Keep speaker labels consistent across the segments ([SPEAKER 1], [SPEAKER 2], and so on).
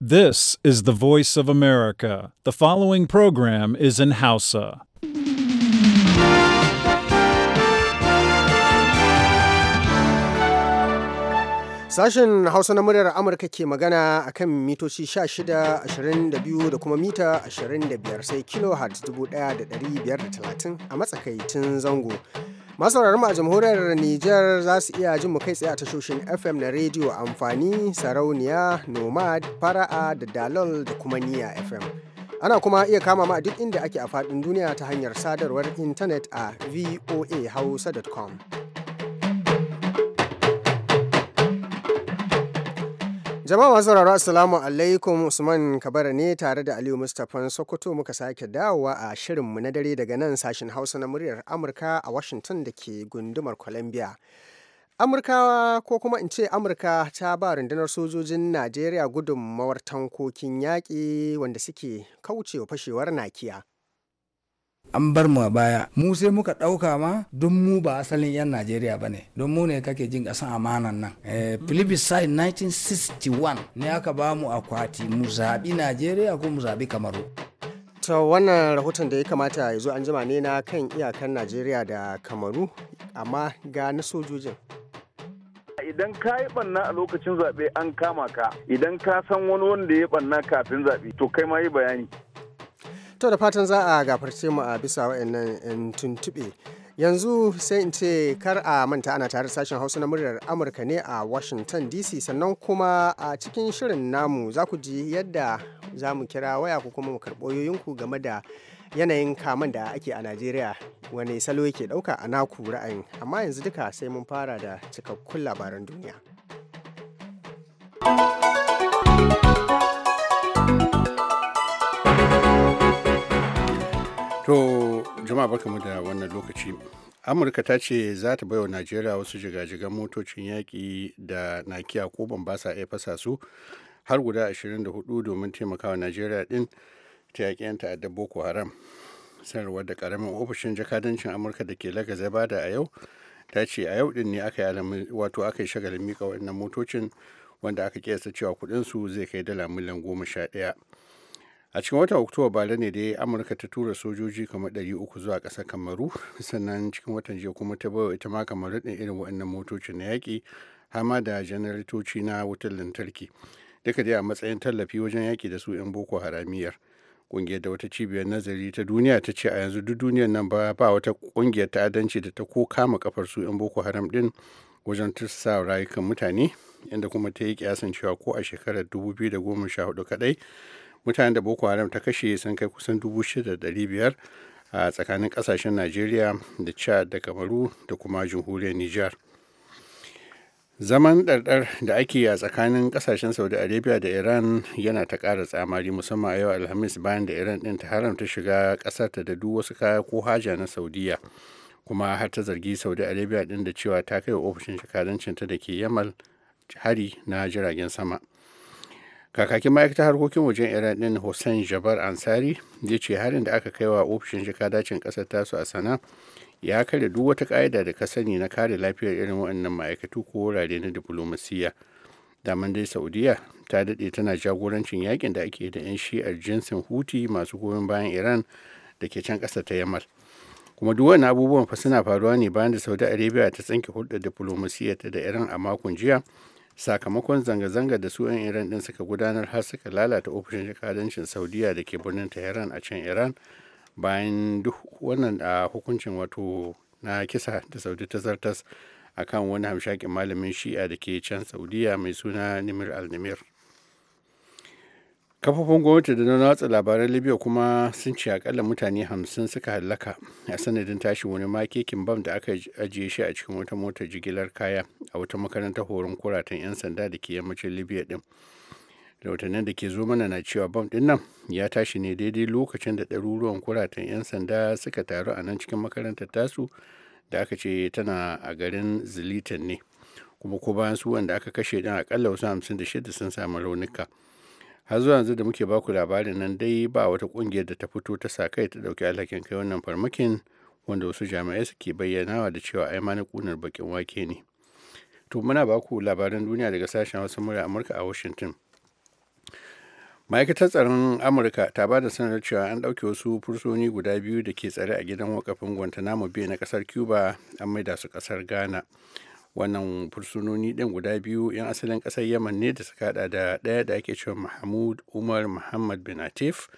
[SPEAKER 1] This is the voice of America. The following program is in Hausa.
[SPEAKER 2] Sashen Hausa na muryar Amurka ke magana a kan mitoci 16, 22 da kuma mita 25 sai kilohertz 1530 a matsakaicin zango. masauraran a jamhuriyar Nijar za su iya jin mu kai tsaye a tashoshin FM na rediyo amfani sarauniya nomad fara'a da dalol da kuma niya FM. Ana kuma iya kama ma duk inda ake a faɗin duniya ta hanyar sadarwar intanet a voahausa.com. Jama'a masu sauraro Assalamu alaikum Usman Kabara ne tare da Aliyu Mustapha Sokoto muka sake dawowa a shirinmu na dare daga nan sashen Hausa na muryar Amurka a Washington da ke gundumar Columbia. Amurkawa ko kuma in ce Amurka ta ba rundunar sojojin Najeriya gudunmawar tankokin yaƙi wanda suke kaucewa fashewar nakiya.
[SPEAKER 3] an bar mu a baya mu sai muka ɗauka ma don mu ba asalin 'yan najeriya ba ne don mu ne kake jin ƙasan amanan nan eh, plebiscite 1961 ne aka ba mu akwati mu zaɓi najeriya ko mu zaɓi kamaru ta wannan rahoton da ya kamata ya
[SPEAKER 2] zo an jima ne na kan iyakan najeriya da kamaru amma ga na sojojin
[SPEAKER 4] idan ka yi banna a lokacin zaɓe an kama ka idan ka san wani wanda ya banna kafin zaɓe to kai ma yi bayani
[SPEAKER 2] to da fatan za a gafarce mu a bisa wa'annan 'yan eh, tuntuɓe yanzu sai in ce kar a manta ana tare sashen hausa na muryar amurka ne a washington dc sannan kuma a cikin shirin namu za ku ji yadda za mu kira waya ku kuma mu karɓo yoyinku game da yanayin kaman da ake a najeriya wani salo yake ɗauka a naku ra'ayin amma yanzu duka sai mun fara da cikakkun labaran duniya
[SPEAKER 5] To jama'a mu da wannan lokaci. Amurka ta ce za ta baiwa Najeriya wasu jigajigan motocin yaƙi da nakiya ko ban ba sa fasa su har guda 24 domin taimakawa Najeriya ɗin ta yaƙi 'yan da Boko Haram. Sanarwar da karamin ofishin jakadancin Amurka da ke lagaza ba bada a yau ta ce a yau ɗin ne aka yi wato aka yi shagalin mika waɗannan motocin wanda aka kiyasta cewa su zai kai dala miliyan goma sha ɗaya. a cikin watan oktoba bara ne dai amurka ta tura sojoji kamar 300 zuwa kasar kamaru sannan cikin watan jiya kuma ta bawa ita ma kamar ɗin irin waɗannan motocin na yaƙi hama da janaratoci na wutar lantarki duka dai a matsayin tallafi wajen yaƙi da su 'yan boko haramiyar ƙungiyar da wata cibiyar nazari ta duniya ta ce a yanzu duk duniyar nan ba ba wata ƙungiyar ta'addanci da ta ko kama kafar su 'yan boko haram ɗin wajen tursa rayukan mutane inda kuma ta yi ƙyasan cewa ko a shekarar 2014 kaɗai. mutanen da boko haram ta kashe sun kai kusan 6,500 a tsakanin kasashen najeriya da chad da kamaru da kuma jamhuriyar niger zaman ɗarɗar da ake a tsakanin ƙasashen saudi arabia da iran yana ta ƙara tsamari musamman a yau alhamis bayan da iran ɗin ta haramta shiga ƙasarta da duk wasu kaya ko haja na saudiya kuma har ta zargi saudi arabia ɗin da cewa ta kai wa ofishin shakadancinta da ke yamal hari na jiragen sama kakakin ma'aikatar harkokin wajen iran din hussein jabar ansari ya ce harin da aka kai wa ofishin dacin kasar tasu a sana ya kare duk wata ka'ida da ka sani na kare lafiyar irin waɗannan ma'aikatu ko wurare na diflomasiyya daman dai saudiya ta daɗe tana jagorancin yakin da ake da 'yan shi'ar jinsin huti masu goyon bayan iran da ke can ƙasa ta yamal kuma duk wani abubuwan fa suna faruwa ne bayan da saudi arabia ta tsanke hulɗar diplomasiyyar ta da iran a makon jiya sakamakon zanga-zanga da su 'yan iran din suka gudanar har suka lalata ofishin jakadancin saudiya da ke birnin tehran a can iran bayan duk wannan a hukuncin wato na kisa da saudi ta zartas akan wani hamshakin malamin shi'a da ke can saudiya mai suna nimir al-nimir kafofin gwamnati da na watsa labaran libya kuma sun ce akalla mutane hamsin suka halaka a sanadin tashi wani makekin bam da aka ajiye shi a cikin wata motar jigilar kaya a wata makarantar horon kuratan 'yan sanda da ke yammacin libya din rahotannin da ke zo mana na cewa bam din nan ya tashi ne daidai lokacin da ɗaruruwan kuratan 'yan sanda suka taru a nan cikin makarantar tasu da aka ce tana a garin zilitan ne kuma ko bayan su wanda aka kashe din akalla wasu hamsin da shida sun samu raunuka har zuwa yanzu da muke baku labarin nan dai ba wata kungiyar da ta fito ta sa kai ta dauki alhakin kai wannan farmakin wanda wasu jami'ai suke bayyanawa da cewa ai na kunar bakin wake ne to muna baku labaran duniya daga sashen wasu murya amurka a washington ma'aikatar tsaron amurka ta ba da sanar cewa an ɗauke wasu fursoni guda biyu da ke tsare a gidan wakafin guantanamo bay na kasar cuba an maida su ƙasar ghana wannan fursunoni ɗin guda biyu 'yan asalin ƙasar yaman ne da suka hada da ɗaya da ake cewa mahmud umar muhammad bin atif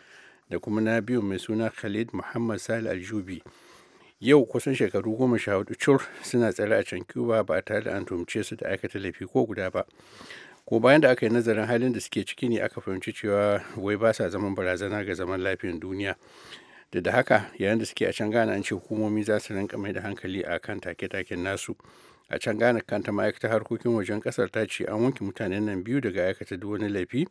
[SPEAKER 5] da kuma na biyu mai suna khalid muhammad sal aljubi yau kusan shekaru goma sha hudu cur suna tsare a can cuba ba tare da an tumce su da aikata laifi ko guda ba ko bayan da aka yi nazarin halin da suke ciki ne aka fahimci cewa wai ba sa zaman barazana ga zaman lafiyar duniya da da haka yayin da suke a can gana an ce hukumomi za su rinka mai da hankali a kan take-taken nasu a can gane kanta ma'aikata harkokin wajen kasar ta ce an wanke mutanen nan biyu daga aikata duk wani laifi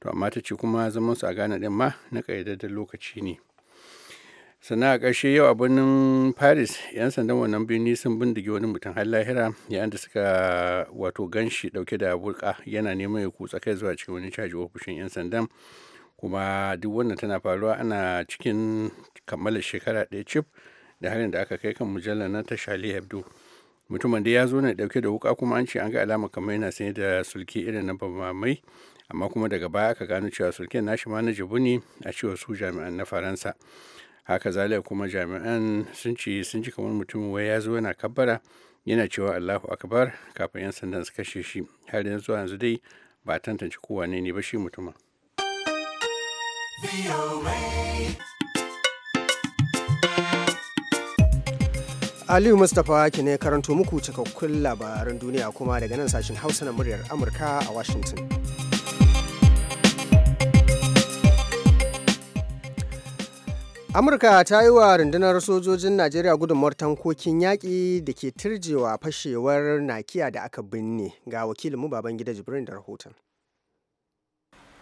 [SPEAKER 5] to amma ta ce kuma su a gane din ma na ƙayyadadden lokaci ne sannan a ƙarshe yau a birnin paris 'yan sandan wannan birni sun bindige wani mutum har lahira yayin da suka wato ganshi dauke da burka yana neman ya kutsa kai zuwa cikin wani caji ofishin 'yan sandan kuma duk wannan tana faruwa ana cikin kammala shekara ɗaya cif da harin da aka kai kan mujallar na ta shali hebdo mutumin da ya zo ne dauke da wuka kuma an ce an ga alama kamar yana sanye da sulki irin na bamamai amma kuma daga baya aka gano cewa sulken nashi ma na jibu ne a cewa su jami'an na faransa haka zalai kuma jami'an sun ce sun ji kamar mutumin wai ya zo yana kabbara yana cewa allahu akbar kafin yan sandan su kashe shi har yanzu yanzu dai ba tantance kowane ne ba shi mutumin.
[SPEAKER 2] Aliyu Mustapha ke ne karanto muku cikakkun labaran duniya kuma daga nan sashen Hausa na muryar Amurka a Washington. Amurka ta yi wa rundunar sojojin Najeriya gudunmawar tankokin yaƙi da ke turjewa fashewar nakiya da aka binne ga wakilinmu Babangida Jibrin da rahoton.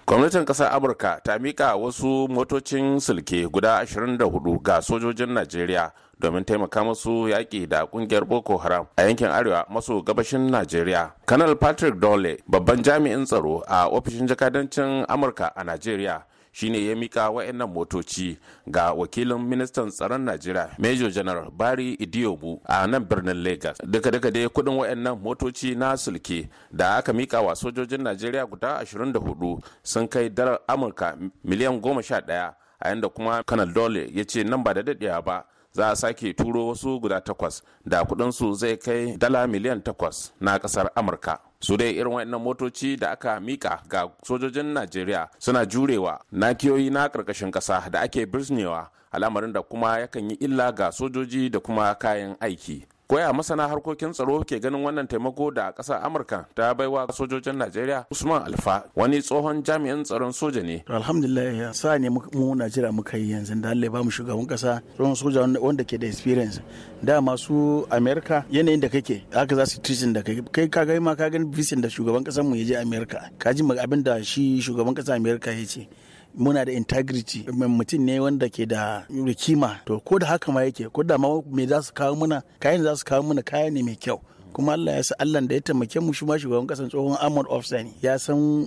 [SPEAKER 6] gwamnatin kasar amurka ta mika wasu motocin silke guda 24 ga sojojin najeriya domin taimaka masu yaƙi da ƙungiyar boko haram a yankin arewa maso gabashin najeriya kanal patrick dole babban jami'in tsaro a ofishin jakadancin amurka a najeriya shine ya mika wa'annan motoci ga wakilin ministan tsaron najeriya major general bari idiobu a nan birnin lagos duka duka dai kudin wa'annan motoci na sulke da aka mika wa sojojin najeriya guda 24 sun kai dalar amurka miliyan 11 a yanda kuma kanal dole ya ce nan ba da daɗewa ba za a sake turo wasu guda takwas da kudinsu zai kai dala miliyan takwas na ƙasar amurka su dai irin wayannan motoci da aka mika ga sojojin najeriya suna jurewa nakiyoyi na ƙarƙashin ƙasa da ake birnewa al'amarin da kuma yakan yi illa ga sojoji da kuma kayan aiki koya masana harkokin tsaro ke ganin wannan taimako da ƙasar amurka ta baiwa sojojin najeriya usman alfa wani tsohon jami'in tsaron soja ne
[SPEAKER 7] alhamdulillah sa ne mu najeriya muka yi yanzu da allah ya mu shugaban ƙasa tsohon soja wanda ke da experience da masu america yanayin da kake haka za su tricin da kai kai ka ma ka gani bisin da shugaban ƙasar mu ya je america ka ji abin da shi shugaban ƙasar america ya ce muna da integrity mutum ne wanda ke da kima to ko da haka ma yake ko da ma me za su kawo muna kayan za su kawo muna kaya ne mai kyau kuma Allah ya sa Allah da ya taimake mu shi ma shugaban kasan tsohon Ahmad Ofsani ya san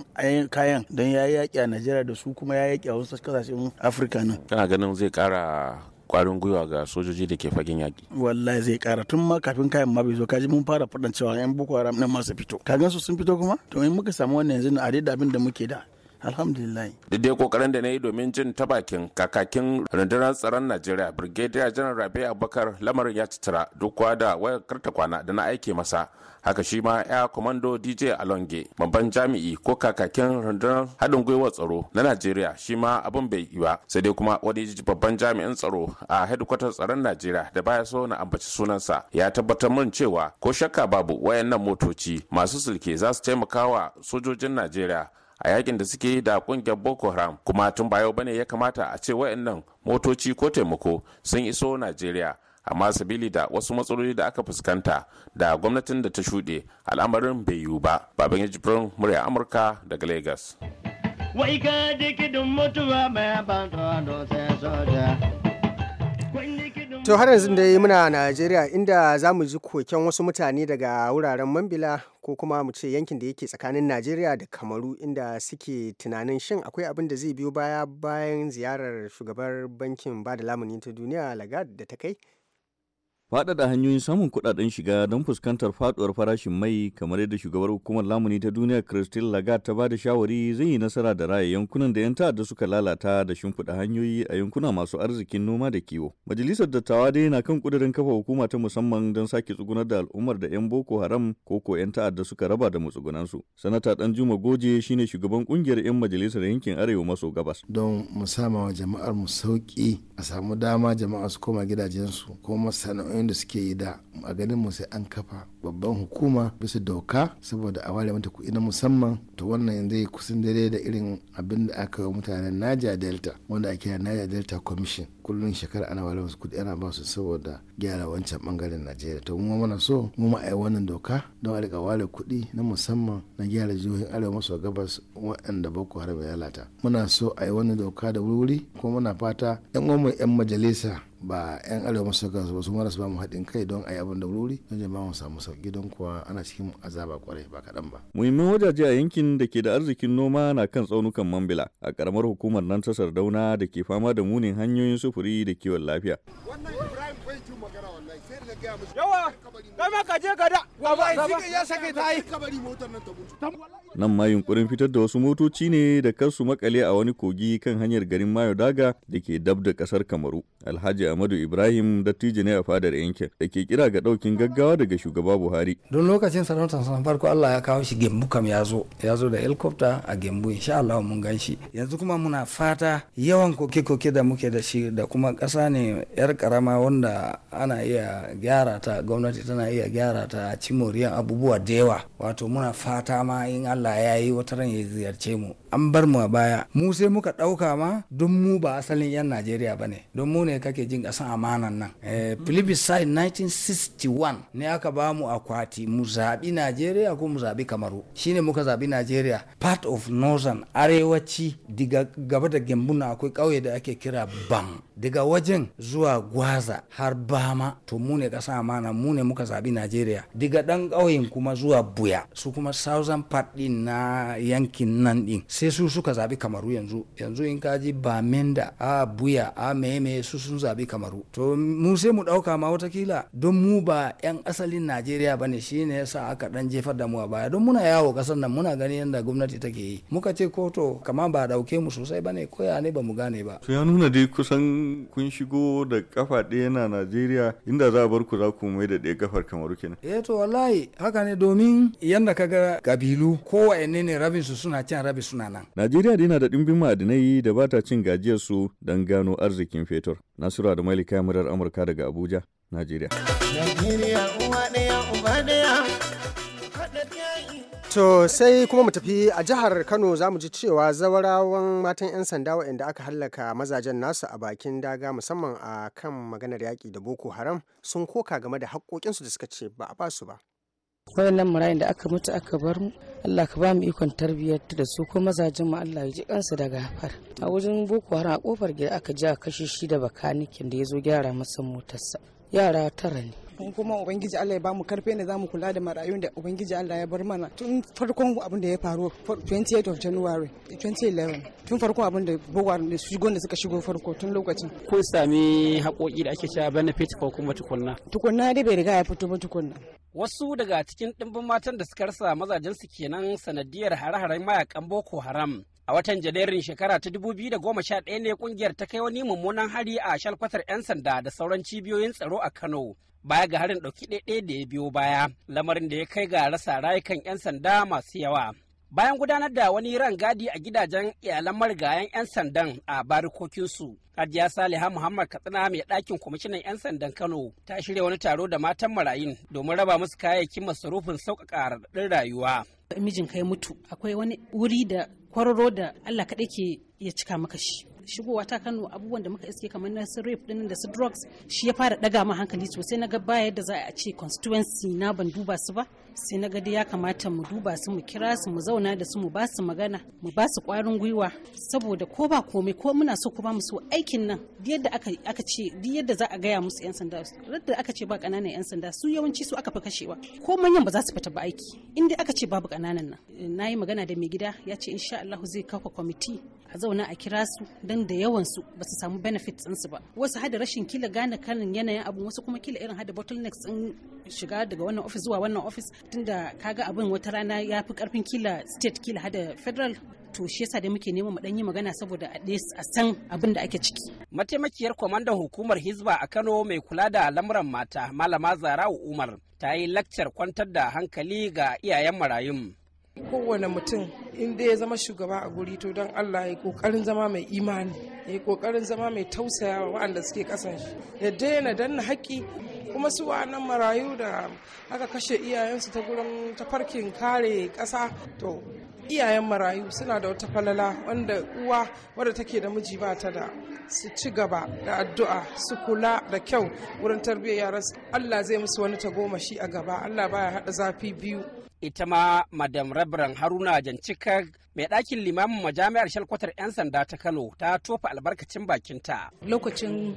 [SPEAKER 7] kayan don ya yaƙi a Najeriya da su kuma ya yaƙi a wasu kasashen
[SPEAKER 6] Afirka nan. Kana ganin zai ƙara kwarin gwiwa ga sojoji da ke fagen yaƙi.
[SPEAKER 7] Wallahi zai ƙara tun ma kafin kayan ma bai zo kaji mun fara faɗan cewa 'yan Boko Haram nan masu fito. Ka gan su sun fito kuma? To in muka samu wannan yanzu na adai abin da muke da alhamdulillah
[SPEAKER 6] da dai kokarin da na yi domin jin ta bakin kakakin rundunar tsaron najeriya brigadier general rabi abubakar lamarin ya citira duk da wayar karta kwana da na aike masa haka shi ma ya komando dj alonge babban jami'i ko kakakin rundunar haɗin gwiwar tsaro na najeriya shi ma abin bai yi ba sai dai kuma wani babban jami'in tsaro a hedikwatar tsaron najeriya da baya so na ambaci sunansa ya tabbatar min cewa ko shakka babu wayannan motoci masu sulke za su taimaka wa sojojin najeriya a yakin da suke yi da kungiyar boko haram kuma tun bayo bane ya kamata a ce wayannan motoci ko taimako sun iso najeriya amma sabili da wasu matsaloli da aka fuskanta da gwamnatin da ta shuɗe al'amarin bai yiwu ba baban jibrin murya amurka daga lagos
[SPEAKER 8] wai
[SPEAKER 7] ka dikidin mutuwa mai soja
[SPEAKER 2] To har yanzu dai muna Najeriya inda za mu ji koken wasu mutane daga wuraren Mambila ko kuma mu ce yankin da yake tsakanin Najeriya da Kamaru inda suke tunanin shin akwai abin da zai biyo baya bayan ziyarar shugabar bankin ba da lamuni ta duniya Lagarde da ta kai
[SPEAKER 9] faɗaɗa hanyoyin samun kuɗaɗen shiga don fuskantar faɗuwar farashin mai kamar yadda shugabar hukumar lamuni ta duniya christine lagarde ta ba da shawari zai yi nasara da raya yankunan da 'yan ta'adda suka lalata da shimfiɗa hanyoyi a yankuna masu arzikin noma da kiwo majalisar dattawa dai na kan ƙudurin kafa hukuma ta musamman don sake tsugunar da al'ummar da 'yan boko haram ko ko 'yan ta'adda suka raba da matsugunansu sanata dan juma goje shine shugaban ƙungiyar 'yan majalisar yankin arewa maso gabas
[SPEAKER 7] don mu sama wa jama'ar mu sauki a samu dama jama'a su koma gidajensu ko masana'o'i wa'inda suke da a ganin mu sai an kafa babban hukuma bisa doka saboda a ware mata kuɗi na musamman to wannan zai kusan dare da irin abin da aka yi mutanen naja Delta wanda ake naja Delta Commission kullum shekara ana ware musu kuɗi ana ba su saboda gyara wancan bangaren Najeriya to mu mana so mu ma ai wannan doka don a riƙa ware kuɗi na musamman na gyara jihohin arewa maso gabas waɗanda Boko Haram ya lata muna so a yi wannan doka da wuri kuma muna fata 'yan uwan 'yan majalisa ba 'yan arewa maso gabas ba su marasa ba mu haɗin kai don a yi abin da wuri don jama'a mu samu sauki don kuwa ana cikin azaba kwarai ba kaɗan ba.
[SPEAKER 9] Muhimman wajaje a yankin da ke da arzikin noma na kan tsaunukan Mambila a ƙaramar hukumar nan ta Sardauna da ke fama da munin hanyoyin sufuri da kiwon lafiya. Wannan Ibrahim
[SPEAKER 1] bai magana wallahi sai da gaya musu. Yawa kai ma je ka da nan
[SPEAKER 7] ta mutu
[SPEAKER 9] ma yunkurin fitar da wasu motoci ne da kar makale a wani kogi kan hanyar garin Mayo Daga da ke dab da kasar Kamaru Alhaji Ahmadu Ibrahim dattijo ne a fadar yankin da ke kira ga daukin gaggawa daga shugaba Buhari
[SPEAKER 3] don lokacin sarautar sanan farko Allah ya kawo shi Gembu kam ya zo ya zo da helicopter a Gembu insha Allah mun gan shi yanzu kuma muna fata yawan koke-koke da muke da shi da kuma kasa ne yar karama wanda ana iya gyara ta gwamnati tana iya gyara ta ci moriyar abubuwa da yawa wato muna fata ma in allah ya yi wata ran ya ziyarce mu an bar mu a baya mu sai muka ɗauka ma don mu ba asalin 'yan najeriya ba ne don mu ne kake jin ƙasan amanan nan eh, mm. philippine 1961 ne aka ba mu akwati mu zaɓi najeriya ko mu zaɓi kamaru shine muka zaɓi najeriya part of northern arewaci diga gaba da gembuna akwai ƙauye da ake kira bam daga wajen zuwa gwaza har bama to mu ne ƙasan amana mu ne muka zaɓi najeriya diga ɗan ƙauyen kuma zuwa buya su kuma southern part ɗin na yankin nan ɗin sai su suka zabi kamaru yanzu yanzu in kaji ba menda a buya a meme su sun zabi kamaru to mu sai mu dauka ma watakila don mu ba yan asalin najeriya ba ne shine yasa aka dan jefar da mu a baya don muna yawo kasar nan muna gani yanda gwamnati take yi muka ce ko to kama ba dauke mu sosai ba ne ko ya ne ba mu gane ba
[SPEAKER 9] to ya nuna dai kusan kun shigo da kafa ɗaya na najeriya inda za a bar ku za ku mai da ɗaya kafar kamaru kenan
[SPEAKER 3] eh to wallahi haka ne domin yanda kaga
[SPEAKER 9] kabilu
[SPEAKER 3] kowa ne rabin su suna cin rabin suna nan.
[SPEAKER 9] Najeriya da yana da ɗimbin ma'adinai da ba ta cin gajiyar su don gano arzikin fetur. Nasura da Malika murar Amurka daga Abuja, Najeriya.
[SPEAKER 2] To sai kuma mu tafi a jihar Kano za mu ji cewa zawarawan matan 'yan sanda waɗanda aka hallaka mazajen nasu a bakin daga musamman a kan maganar yaƙi da Boko Haram sun koka game da haƙoƙinsu da suka ce ba a basu ba.
[SPEAKER 10] wayannan marayin da aka mutu aka bar mu Allah ka ba mu ikon tarbiyyar da su ko mazajin mu Allah ya ji kansu daga gafar a wajen boko haram a kofar gida aka ji a kashe shi da bakanikin da ya zo gyara masa motarsa yara tara ne kuma ubangiji Allah ya bamu karfe ne zamu kula da marayun da ubangiji Allah ya bar mana tun farkon abin da ya faru 28 of January 2011 tun farkon abin da bugwar da shigo da suka shigo farko tun lokacin
[SPEAKER 1] ko sami haƙoƙi da ake cewa benefit ko kuma tukunna
[SPEAKER 10] tukunna dai bai riga ya fito ba tukunna
[SPEAKER 1] wasu daga cikin ɗimbin matan da suka rasa mazajensu kenan sanadiyar hare-haren mayakan boko haram a watan janairun shekara ta 2011 ne kungiyar ta kai wani mummunan hari a shalkwatar 'yan sanda da sauran cibiyoyin tsaro a kano baya ga harin ɗauki ɗaiɗe da ya biyo baya lamarin da ya kai ga rasa rayukan 'yan sanda masu yawa bayan gudanar da wani rangadi a gidajen iyalan marigayen 'yan sandan a barikokinsu hajiya saliha muhammad katsina mai ɗakin kwamishinan 'yan sandan kano ta shirya wani taro da matan marayun domin raba musu kayayyakin masarufin sauƙaƙa
[SPEAKER 10] raɗaɗin rayuwa mijin kai mutu akwai wani wuri da kwararo da allah kaɗai ke ya cika maka shi shigowa ta Kano abubuwan da muka iske kamar na su rape din da su drugs shi ya fara daga ma hankali sosai na ga ba yadda za a ce constituency na ban duba su ba sai na gadi ya kamata mu duba su mu kira su mu zauna da su mu ba su magana mu ba su kwarin gwiwa saboda ko ba komai ko muna so ko ba mu so aikin nan yadda aka ce yadda za a gaya musu yan sanda yadda aka ce ba kananan yan sanda su yawanci su aka fi kashewa ko manyan ba za su fita ba aiki inda aka ce babu kananan nan na yi magana da mai gida ya ce insha Allah zai kafa kwamiti a zauna a kira su don da yawan su ba su samu benefits su ba wasu hada rashin kila gane kanin yanayin abun wasu kuma kila irin hada bottlenecks din shiga daga wannan office zuwa wannan office tunda kaga abin wata rana ya fi karfin kila state kila hada federal to shi yasa da muke neman mu dan yi magana saboda a san abin da ake ciki
[SPEAKER 1] mataimakiyar kwamandan hukumar hizba a kano mai kula da lamuran mata malama zarau umar ta yi lakcar kwantar da hankali ga iyayen marayun kowane mutum inda ya zama shugaba a guri to don allah ya kokarin zama mai imani ya kokarin zama mai tausaya wa waɗanda suke kasan shi ya daina danna haƙƙi kuma su nan marayu da aka kashe iyayensu ta gurin tafarkin kare ƙasa to iyayen marayu suna da wata falala wanda uwa wadda take da miji ba ta da su ci gaba da addu'a su kula da kyau wurin tarbiyyar rasu Allah zai musu wani tagomashi a gaba Allah baya hada zafi biyu ita ma madam rabran haruna jancikar. mai ɗakin limamin majami'ar shalkwatar 'yan sanda ta kano ta tofa albarkacin bakinta
[SPEAKER 10] lokacin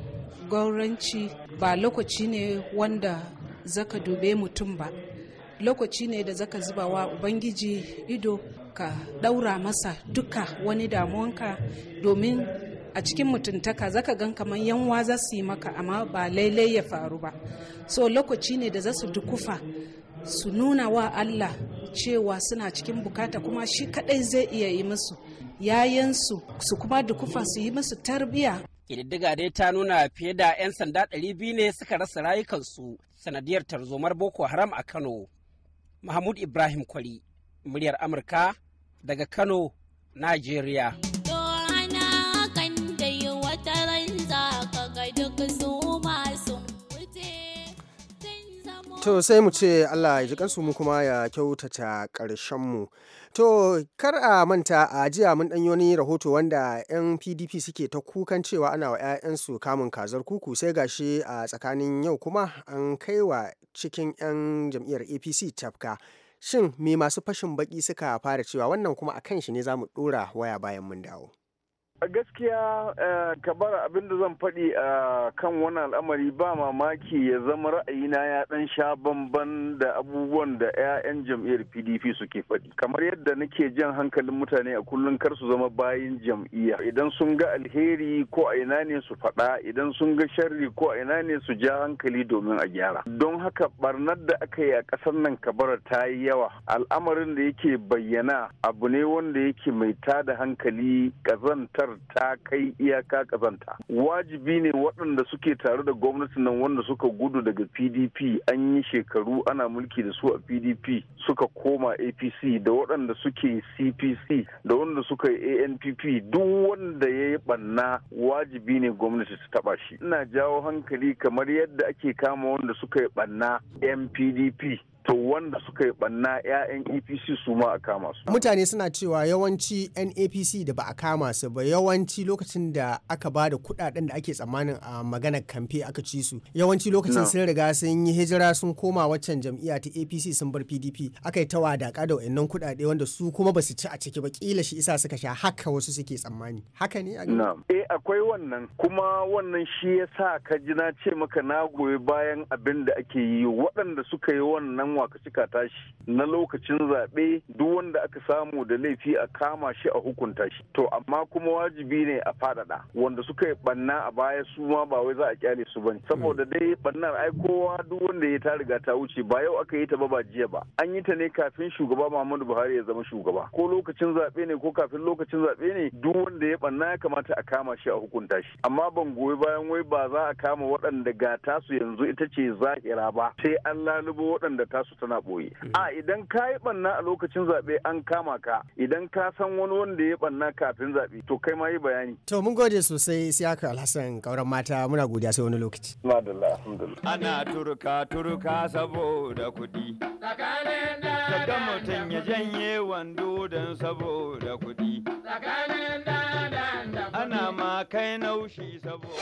[SPEAKER 10] gauranci ba lokaci ne wanda zaka dube mutum ba lokaci ne da zaka zuba wa ubangiji ido ka ɗaura masa duka wani damuwanka domin a cikin mutuntaka zaka gan kamar yanwa za su yi maka amma ba lailai ya faru ba so lokaci ne da za su dukufa su nuna wa allah cewa suna cikin bukata kuma shi kadai zai iya yi musu yayansu su kuma dukufa su yi musu tarbiya
[SPEAKER 1] ƙididdiga dai ta nuna fiye da 'yan sanda ɗari biyu ne suka rasa rayukansu sanadiyar tarzomar boko haram a kano mahmud ibrahim kwari muryar amurka daga kano najeriya
[SPEAKER 2] To sai mu ce Allah ya ji kansu mu kuma ya kyautata mu To kar a manta a jiya mun ɗanyo ni rahoto wanda 'yan PDP suke ta kukan cewa ana wa 'ya'yansu kamun kazar kuku sai gashi a tsakanin yau kuma an kaiwa cikin 'yan jam'iyyar APC tafka. Shin me masu fashin baƙi suka fara cewa wannan kuma akan shi ne za mu ɗora waya bayan mun dawo.
[SPEAKER 4] A gaskiya eh, kabar abin da zan faɗi a eh, kan wani al'amari ba mamaki ya zama ra'ayina ya ɗan sha bamban da abubuwan da 'ya'yan jam'iyyar pdp suke faɗi kamar yadda nake jan hankalin mutane a kullum kar su zama bayan jam'iyya idan sun ga alheri ko a ina ne su faɗa idan sun ga sharri ko a ina ne su ja hankali domin a gyara don haka barnar da aka yi a ƙasar nan kabara ta yi yawa al'amarin da yake bayyana abu ne wanda yake mai tada hankali ƙazantar ta kai iyaka ƙazanta wajibi ne waɗanda suke tare da gwamnati nan wanda suka gudu daga pdp an yi shekaru ana mulki da su a pdp suka koma apc da waɗanda suke cpc da wanda suka yi anpp duk wanda ya yi ɓanna wajibi ne gwamnati ta taɓa shi ina jawo hankali kamar yadda ake kama wanda suka yi ɓanna mpdp to wanda suka yi banna 'ya'yan apc e su ma a kama su
[SPEAKER 2] mutane suna cewa yawanci yan apc da ba a kama su ba yawanci lokacin da aka ba da kudaden da ake tsammanin a maganar kamfe aka ci su yawanci lokacin sun riga sun yi hijira sun koma waccan jam'iyya ta apc sun bar pdp aka yi ta da da wayannan kudade wanda su kuma ba su ci a ciki ba kila shi isa suka sha haka wasu suke tsammani haka ne a
[SPEAKER 4] eh akwai wannan kuma wannan shi yasa ka ji na ce maka na goyi bayan abin da ake yi waɗanda suka yi wannan yunwa ka cika tashi na lokacin zaɓe duk wanda aka samu da laifi a kama shi a hukunta shi to amma kuma wajibi ne a faɗaɗa wanda suka yi ɓanna a baya su ma ba wai za a kyale su ba saboda dai ɓannar ai kowa duk wanda ya ta riga ta wuce ba yau aka yi ta ba ba jiya ba an yi ta ne kafin shugaba Muhammadu Buhari ya zama shugaba ko lokacin zaɓe ne ko kafin lokacin zaɓe ne duk wanda ya ɓanna ya kamata a kama shi a hukunta shi amma ban goyi bayan wai ba za a kama waɗanda gata su yanzu ita ce zahira ba sai an lalubo waɗanda ta su tana ɓoye. Mm. A idan ka yi ɓanna a lokacin zaɓe an kama ka idan ka san wani wanda ya ɓanna kafin zaɓe to kai ma yi bayani.
[SPEAKER 2] To mun gode sosai sai aka Alhassan kauran mata muna godiya sai wani lokaci.
[SPEAKER 4] Ana turka turka saboda kuɗi.
[SPEAKER 6] Daga mutum ya
[SPEAKER 4] janye wando don saboda kuɗi.
[SPEAKER 3] Ana ma
[SPEAKER 4] kai naushi saboda.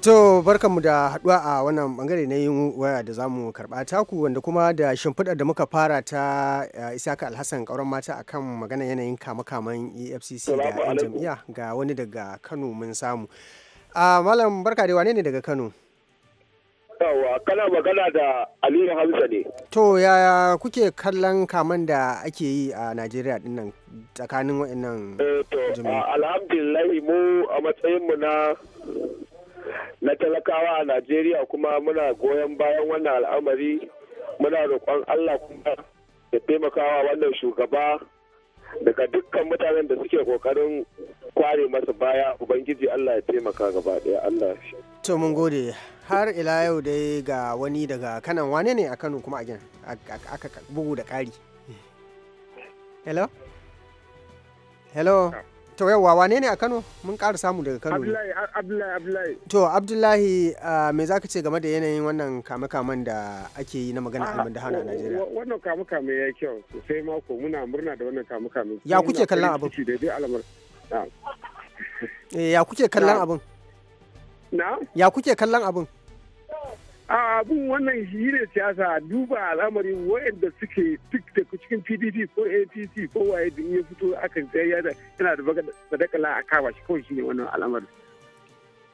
[SPEAKER 2] To barkanmu da haduwa a wannan bangare na yin waya da zamu karba taku wanda kuma da shimfiɗar da muka fara ta Isaka Alhassan kauran mata akan magana yanayin kama-kaman EFCC da 'yan jam'iyya ga wani daga Kano mun samu. Malam barka da wane ne daga Kano?
[SPEAKER 4] Yawa kana magana da Aliyu Hamza ne.
[SPEAKER 2] To yaya kuke kallon kaman da ake yi a Najeriya din nan tsakanin waɗannan eh, jami'ai?
[SPEAKER 4] Alhamdulillah mu a matsayin mu na na talakawa a najeriya kuma muna goyon bayan wannan al'amari muna roƙon allah kuma ya taimakawa wannan shugaba daga dukkan mutanen da suke kokarin kware masa baya ubangiji allah ya
[SPEAKER 6] taimaka gaba ɗaya allah
[SPEAKER 2] to mun gode har ila yau dai ga wani daga kanan wane ne a kano kuma a aka bugu da ƙari hello hello to yawa wane ne a kano mun ƙara samu daga kano abdullahi abdullahi to abdullahi me za ka ce game da yanayin wannan kame-kamen da ake yi na magana alman da hana a najeriya
[SPEAKER 4] wannan kame-kame ya kyau sai mako muna murna da wannan
[SPEAKER 6] kame-kame ya kuke kallon abin
[SPEAKER 2] eh, ya kuke kallon abin ya kuke kallon abin abun wannan shi
[SPEAKER 4] ne siyasa duba al'amari wayanda suke duk cikin pdp ko apc ko waye da ya fito akan tsayayya da yana da badakala a kama shi kawai shi ne wannan al'amari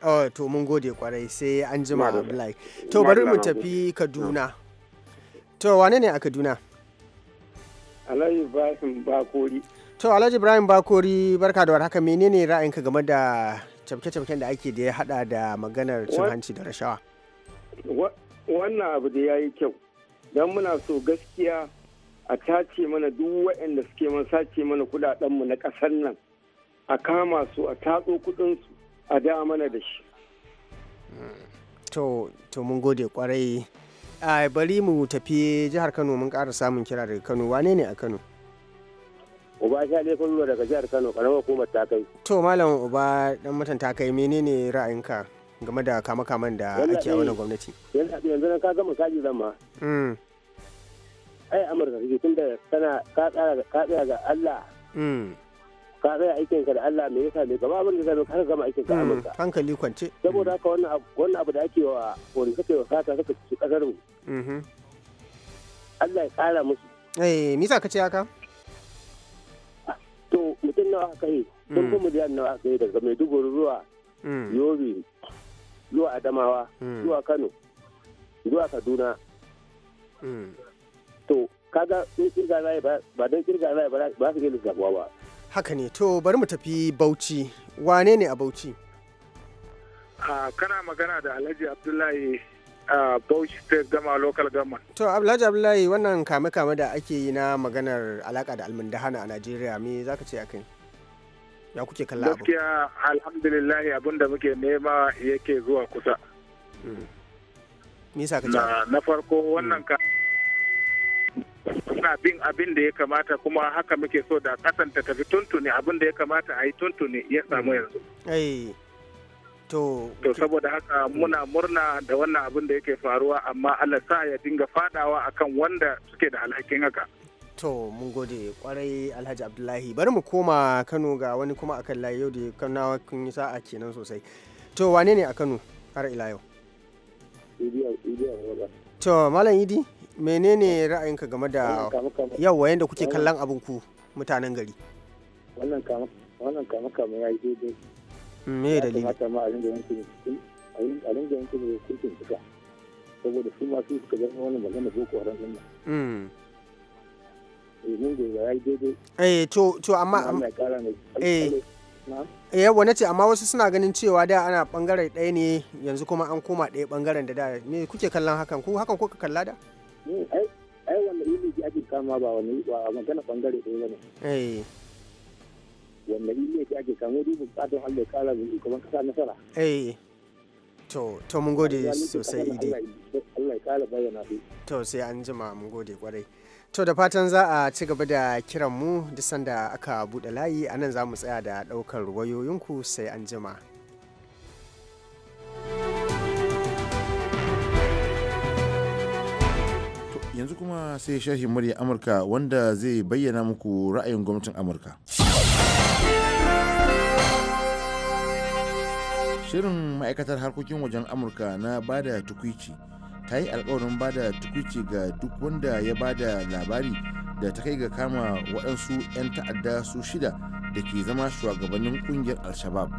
[SPEAKER 2] Oh, to mun gode kwarai sai an jima Abdullahi. To bari mu tafi Kaduna. To wane ne a Kaduna?
[SPEAKER 4] Alhaji Ibrahim Bakori.
[SPEAKER 2] To Alhaji Ibrahim Bakori barka da warhaka menene ra'ayinka game da tafke-tafken da ake da ya hada da maganar cin hanci da rashawa?
[SPEAKER 4] wannan abu da ya yi kyau don muna so gaskiya a tace mana duk waɗanda suke man sace mana kudadenmu na ƙasar nan a kama su a tatso kudinsu a da
[SPEAKER 7] mana da shi
[SPEAKER 2] to mun gode kwarai a bari mu tafi jihar kano mun ƙara samun kira daga kano wane ne a kano
[SPEAKER 7] uba sha ne kun daga jihar kano ƙaramar hukumar ta kai
[SPEAKER 2] to malam uba dan mutan ta kai menene ra'ayinka game da kama-kaman da ake a eh. wannan gwamnati
[SPEAKER 7] yanzu ka gama kaji zama mm. ai amurka kake tunda tana ka tsaya ga allah mm. ka tsaya aikin ka da Allah me yasa ne gaba abin da zai ka gama aikin ka mm. amurka
[SPEAKER 2] hankali kwance
[SPEAKER 7] saboda haka wannan abu wannan abu da ake wa wani kake wa sata suka ci kasar mu mm-hmm. Allah ya kara musu
[SPEAKER 2] eh misa kace haka
[SPEAKER 7] to mutum nawa aka yi sun kuma miliyan nawa aka yi daga dubu ruwa. yobi zuwa adamawa hmm. zuwa kano zuwa kaduna hmm. to kaga sun kirga rai ba don kirga rai ba su gina zabuwa ba
[SPEAKER 2] haka ne to bari mu tafi bauchi wane ne a bauchi
[SPEAKER 4] a kana magana da alhaji abdullahi a bauchi state gama local government
[SPEAKER 2] to alhaji abdullahi wannan kame-kame da ake yi na maganar alaka da almundahana a najeriya me zaka ce kai ya kuke kalla abu
[SPEAKER 4] gaskiya alhamdulillah abin da muke nema yake zuwa kusa
[SPEAKER 2] Misa hmm. ka na
[SPEAKER 4] farko wannan ka suna bin abin da ya kamata kuma haka muke so da kasan ta tafi tuntuni abin da ya kamata a yi tuntuni ya samu hmm. yanzu. To, to saboda haka muna hmm. murna da wannan abin da yake faruwa amma Allah sa ya dinga fadawa akan wanda suke da alhakin haka.
[SPEAKER 2] to mun gode kwarai alhaji abdullahi bari mu koma kano ga wani kuma akan layi yau da kanawa kun yi sa'a kenan sosai to wane ne a kano har ila yau to malam idi menene ra'ayinka game da yau wayan da kuke kallon abin ku mutanen gari
[SPEAKER 7] wannan kama wannan kama kama ya yi daidai
[SPEAKER 2] mm, me dalili
[SPEAKER 6] a ringa yankin hukuncin suka saboda su masu suka zama wani magana boko haram din nan
[SPEAKER 3] mm. eh
[SPEAKER 2] to to amma eh yawa na eh, ce amma wasu suna ganin cewa da ana bangare ɗaya ne yanzu kuma an koma ɗaya bangaren da da me kuke kallon hakan ku hakan kuka kalla da
[SPEAKER 6] ai wanda ilimi ake kama ba wani ba a magana bangare ɗaya ba ne eh wanda ilimi ake kama duk bukatun Allah ya kara mu kuma kasa nasara
[SPEAKER 2] eh to to mun gode sosai idi
[SPEAKER 6] Allah ya kara bayyana
[SPEAKER 2] to sai an jima mun gode kwarai To da fatan za a ci gaba da kiran mu da sanda aka buɗe layi a nan za mu tsaya da ɗaukar wayoyinku sai an jima.
[SPEAKER 8] Yanzu kuma sai sharhin murya Amurka wanda zai bayyana muku ra'ayin gwamnatin Amurka. Shirin ma'aikatar harkokin wajen Amurka na bada tukwici. ta yi alkawarin ba da tukuci ga duk wanda ya ba da labari da ta kai ga kama waɗansu 'yan ta'adda su shida da ke zama shugabannin ƙungiyar al-shabab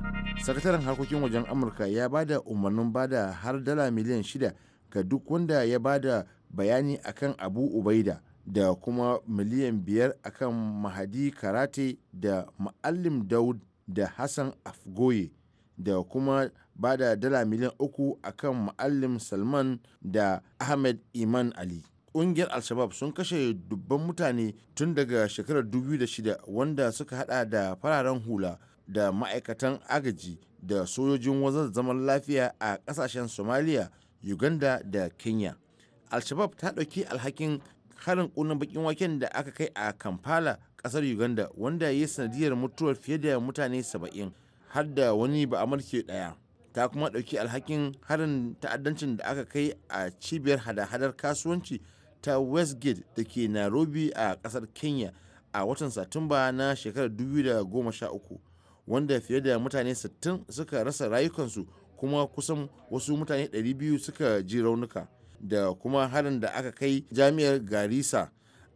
[SPEAKER 8] sakataren harkokin wajen amurka ya ba da umarnin ba da har dala miliyan shida ga duk wanda ya ba da bayani akan abu ubaida da kuma miliyan biyar akan mahadi karate da ma'allim daud da hassan afgoye da kuma ba da dala miliyan uku a kan ma'allim salman da ahmed iman ali ƙungiyar alshabab sun kashe dubban mutane tun daga shekarar 2006 wanda suka hada da fararen hula da ma'aikatan agaji da sojojin wazar zaman lafiya a ƙasashen somalia uganda da kenya alshabab ta ɗauki alhakin harin ƙunan bakin waken da aka kai a kampala ƙasar uganda wanda ya yi sanadiyar mutuwar fiye da mutane 70 har da wani ba amurke ɗaya ta kuma dauki alhakin harin ta'addancin da aka kai a cibiyar hada-hadar kasuwanci ta westgate da ke nairobi a kasar kenya a watan satumba na shekarar 2013 wanda fiye da mutane 60 suka rasa rayukansu kuma kusan wasu mutane 200 suka ji raunuka da kuma harin da aka kai jami'ar garissa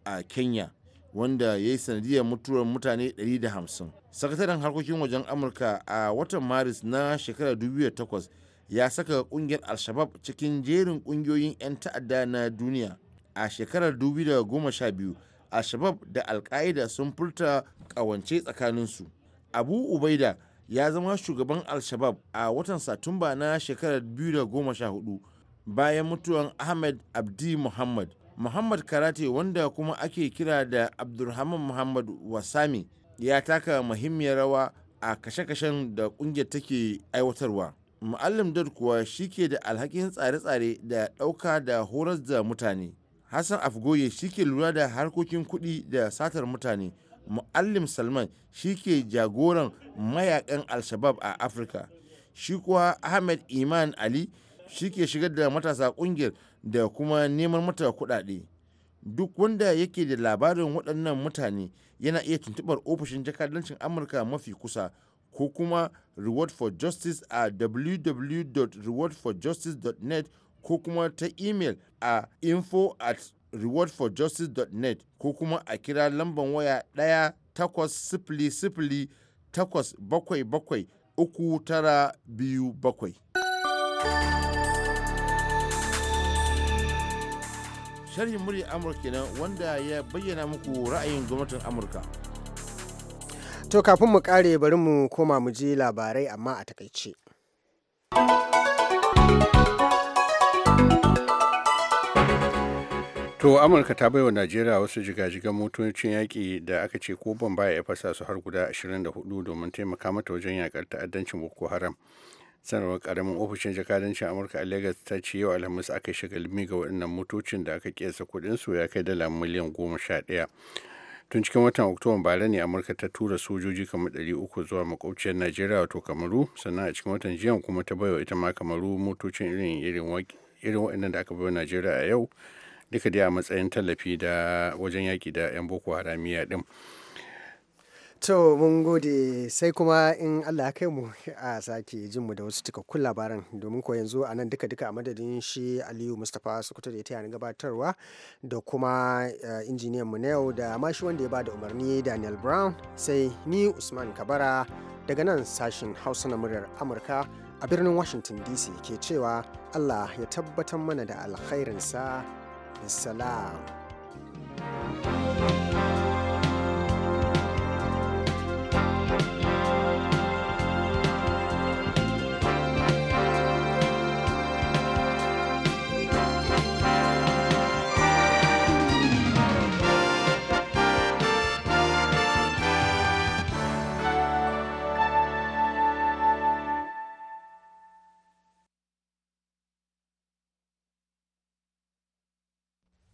[SPEAKER 8] a kenya wanda ya yi sanadiyar mutuwar mutane 150 sakataren harkokin wajen amurka a watan maris na shekarar 2008 ya saka kungiyar al-shabab cikin jerin kungiyoyin 'yan ta'adda na duniya a shekarar 2012 al-shabab da al-qaida sun furta kawance tsakaninsu abu ubaida ya zama shugaban al-shabab a watan satumba na shekarar 2014 bayan mutuwan ahmed abdi muhammad muhammad karate wanda kuma ake kira da abdulrahman muhammad wasami ya taka muhimmiyar rawa a kashe-kashen da kungiyar take aiwatarwa mu'allim dad kuwa shike da alhakin tsare-tsare da ɗauka da horar da mutane hassan afgoye shike lura da harkokin kuɗi da satar mutane mu'allim salman shike jagoran mayakan al-shabab a afirka shi kuwa ahmed iman ali shi ke shigar da matasa kungiyar da kuma neman mata kudade duk wanda yake da labarin waɗannan mutane yana iya tuntubar ofishin jakadancin amurka mafi kusa ko kuma reward for justice a www.rewardforjustice.net ko kuma ta email a info at rewardforjustice.net ko kuma a kira lambar waya ɗaya takwas sifili sifili takwas bakwai bakwai uku tara biyu bakwai. sharhin murya amurka kenan wanda ya bayyana muku ra'ayin gwamnatin amurka
[SPEAKER 2] to kafin mu kare bari mu koma mu je labarai amma a takaice
[SPEAKER 5] To Amurka ta baiwa Najeriya wasu jigajigan motocin yaƙi da aka ce ko ban baya ya fasa su har guda 24 domin taimaka mata wajen yakar ta'addancin Boko Haram. sanarwar karamin ofishin jakadancin amurka a lagos ta ce yau alhamis aka shagalmi ga waɗannan motocin da aka kesa kuɗin su ya kai dala miliyan goma sha ɗaya tun cikin watan oktoba bara ne amurka ta tura sojoji kamar ɗari uku zuwa makwabciyar najeriya wato kamaru sannan a cikin watan jiyan kuma ta baiwa ita ma kamaru motocin irin irin waɗannan da aka baiwa najeriya a yau duka dai a matsayin tallafi da wajen yaƙi da 'yan boko haramiya ɗin.
[SPEAKER 2] To mun gode sai kuma in Allah ya kai mu a sake jin mu da wasu cikakkun labaran domin ko yanzu a nan duka duka a madadin shi Aliyu Mustapha Sokoto da ya taya gabatarwa da kuma eh, injiniyan mu na yau da ma shi wanda ya ba da umarni Daniel Brown sai ni Usman Kabara daga nan sashin Hausa na muryar Amurka a birnin Washington DC ke cewa Allah ya tabbatar mana da alkhairinsa. Salam.